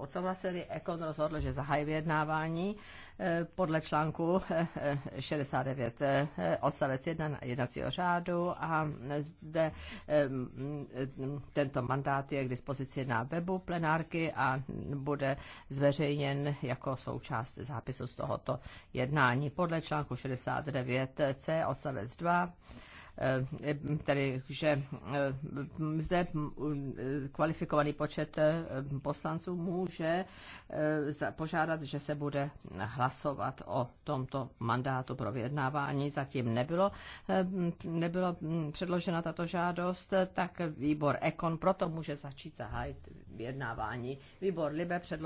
odsouhlasili. Ekon rozhodl, že zahájí vyjednávání eh, podle článku 69 eh, eh, odstavec 1 jednacího řádu a zde tento mandát je k dispozici na webu plenárky a bude zveřejněn jako součást zápisu z tohoto jednání podle článku 69c odstavec 2 Eh, tedy, že eh, zde eh, kvalifikovaný počet poslanců může požádat, že se bude hlasovat o tomto mandátu pro vyjednávání. Zatím nebylo, nebylo hm, předložena tato žádost, tak výbor Ekon proto může začít zahájit vyjednávání. Výbor Libe předložil